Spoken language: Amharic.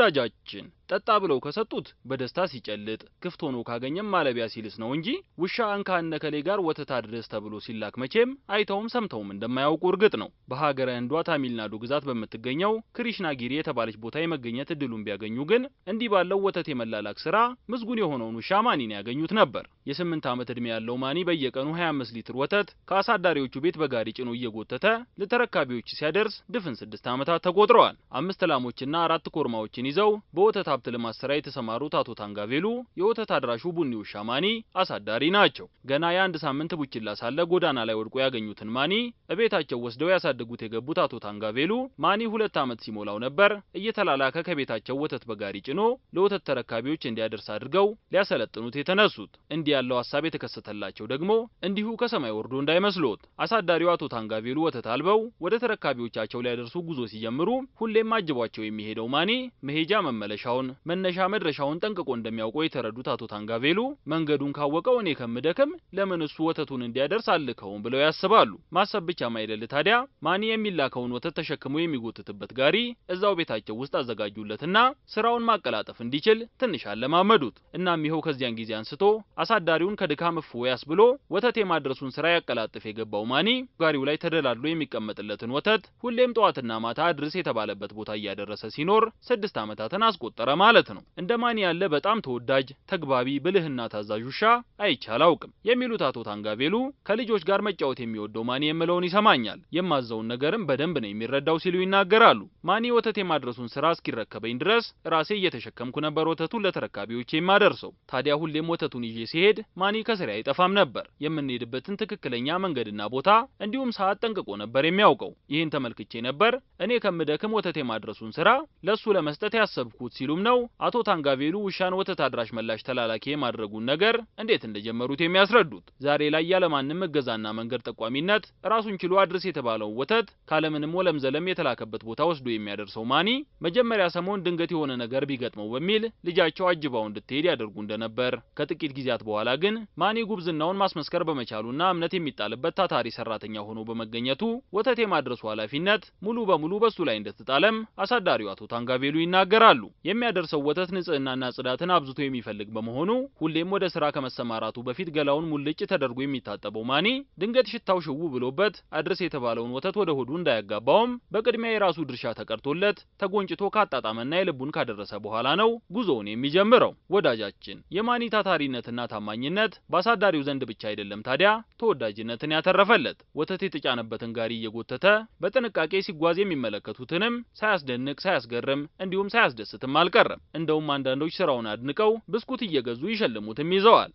ወዳጃችን ጠጣ ብለው ከሰጡት በደስታ ሲጨልጥ ክፍት ሆኖ ካገኘም ማለቢያ ሲልስ ነው እንጂ ውሻ እንካ እነከሌ ጋር ወተት አድረስ ተብሎ ሲላክ መቼም አይተውም ሰምተውም እንደማያውቁ እርግጥ ነው። በሀገረ ህንዷ ታሚልናዱ ግዛት በምትገኘው ክሪሽናጊሪ የተባለች ቦታ የመገኘት እድሉን ቢያገኙ ግን እንዲህ ባለው ወተት የመላላክ ስራ ምስጉን የሆነውን ውሻ ማኒን ያገኙት ነበር። የስምንት ዓመት ዕድሜ ያለው ማኒ በየቀኑ 25 ሊትር ወተት ከአሳዳሪዎቹ ቤት በጋሪ ጭኖ እየጎተተ ለተረካቢዎች ሲያደርስ ድፍን ስድስት ዓመታት ተቆጥረዋል። አምስት ላሞችና አራት ኮርማዎችን ይዘው በወተት ሀብት ልማት ስራ የተሰማሩት አቶ ታንጋቬሉ የወተት አድራሹ ቡኒው ሻማኒ አሳዳሪ ናቸው። ገና የአንድ ሳምንት ቡችላ ሳለ ጎዳና ላይ ወድቆ ያገኙትን ማኒ እቤታቸው ወስደው ያሳደጉት የገቡት አቶ ታንጋቬሉ ማኒ ሁለት ዓመት ሲሞላው ነበር እየተላላከ ከቤታቸው ወተት በጋሪ ጭኖ ለወተት ተረካቢዎች እንዲያደርስ አድርገው ሊያሰለጥኑት የተነሱት። እንዲህ ያለው ሀሳብ የተከሰተላቸው ደግሞ እንዲሁ ከሰማይ ወርዶ እንዳይመስሎት። አሳዳሪው አቶ ታንጋቬሉ ወተት አልበው ወደ ተረካቢዎቻቸው ሊያደርሱ ጉዞ ሲጀምሩ ሁሌም አጅቧቸው የሚሄደው ማኒ መሄጃ መመለሻውን መነሻ መድረሻውን ጠንቅቆ እንደሚያውቀው የተረዱት አቶ ታንጋቬሎ መንገዱን ካወቀው እኔ ከምደክም ለምን እሱ ወተቱን እንዲያደርስ አልከውም ብለው ያስባሉ። ማሰብ ብቻ አይደል ታዲያ ማኒ የሚላከውን ወተት ተሸክሞ የሚጎትትበት ጋሪ እዛው ቤታቸው ውስጥ አዘጋጁለትና ስራውን ማቀላጠፍ እንዲችል ትንሽ አለማመዱት። እናም ይኸው ከዚያን ጊዜ አንስቶ አሳዳሪውን ከድካም እፎያስ ያስብሎ ወተት የማድረሱን ስራ ያቀላጥፍ የገባው ማኒ ጋሪው ላይ ተደላድሎ የሚቀመጥለትን ወተት ሁሌም ጠዋትና ማታ አድርስ የተባለበት ቦታ እያደረሰ ሲኖር ስድስት ዓመታትን አስቆጠረ። ማለት ነው። ማን ያለ በጣም ተወዳጅ ተግባቢ፣ ብልህና ታዛዥ ውሻ አይቼ አላውቅም የሚሉት አቶ ታንጋቤሉ ከልጆች ጋር መጫወት የሚወደው ማኒ የምለውን ይሰማኛል፣ የማዘውን ነገርም በደንብ ነው የሚረዳው ሲሉ ይናገራሉ። ማኒ ወተት የማድረሱን ስራ እስኪረከበኝ ድረስ ራሴ እየተሸከምኩ ነበር ወተቱን ለተረካቢዎች የማደርሰው። ታዲያ ሁሌም ወተቱን ይዤ ሲሄድ ማኒ ከስሬ አይጠፋም ነበር። የምንሄድበትን ትክክለኛ መንገድና ቦታ እንዲሁም ሰዓት ጠንቅቆ ነበር የሚያውቀው። ይህን ተመልክቼ ነበር እኔ ከምደክም ወተት የማድረሱን ስራ ለሱ ለመስጠት ያሰብኩት ሲሉም ነው አቶ ታንጋቬሉ ውሻን ወተት አድራሽ መላሽ ተላላኪ የማድረጉን ነገር እንዴት እንደጀመሩት የሚያስረዱት። ዛሬ ላይ ያለማንም እገዛና መንገድ ጠቋሚነት ራሱን ችሎ አድርስ የተባለው ወተት ካለምንም ወለም ዘለም የተላከበት ቦታ ወስዶ የሚያደርሰው ማኒ መጀመሪያ ሰሞን ድንገት የሆነ ነገር ቢገጥመው በሚል ልጃቸው አጅባው እንድትሄድ ያደርጉ እንደነበር፣ ከጥቂት ጊዜያት በኋላ ግን ማኒ ጉብዝናውን ማስመስከር በመቻሉና እምነት የሚጣልበት ታታሪ ሰራተኛ ሆኖ በመገኘቱ ወተት የማድረሱ ኃላፊነት ሙሉ በሙሉ በሱ ላይ እንደተጣለም አሳዳሪው አቶ ታንጋቬሉ ይናገራሉ። የሚያደርሰው ወተት ንጽህናና ጽዳትን አብዝቶ የሚፈልግ በመሆኑ ሁሌም ወደ ስራ ከመሰማራቱ በፊት ገላውን ሙልጭ ተደርጎ የሚታጠበው ማኒ ድንገት ሽታው ሽው ብሎበት አድርስ የተባለውን ወተት ወደ ሆዱ እንዳያጋባውም በቅድሚያ የራሱ ድርሻ ተቀርቶለት ተጎንጭቶ ካጣጣመና የልቡን ካደረሰ በኋላ ነው ጉዞውን የሚጀምረው። ወዳጃችን የማኒ ታታሪነትና ታማኝነት በአሳዳሪው ዘንድ ብቻ አይደለም ታዲያ ተወዳጅነትን ያተረፈለት። ወተት የተጫነበትን ጋሪ እየጎተተ በጥንቃቄ ሲጓዝ የሚመለከቱትንም ሳያስደንቅ ሳያስገርም እንዲሁም ሳያስደስትም አልቀር አልቀረም። እንደውም አንዳንዶች ስራውን አድንቀው ብስኩት እየገዙ ይሸልሙትም ይዘዋል።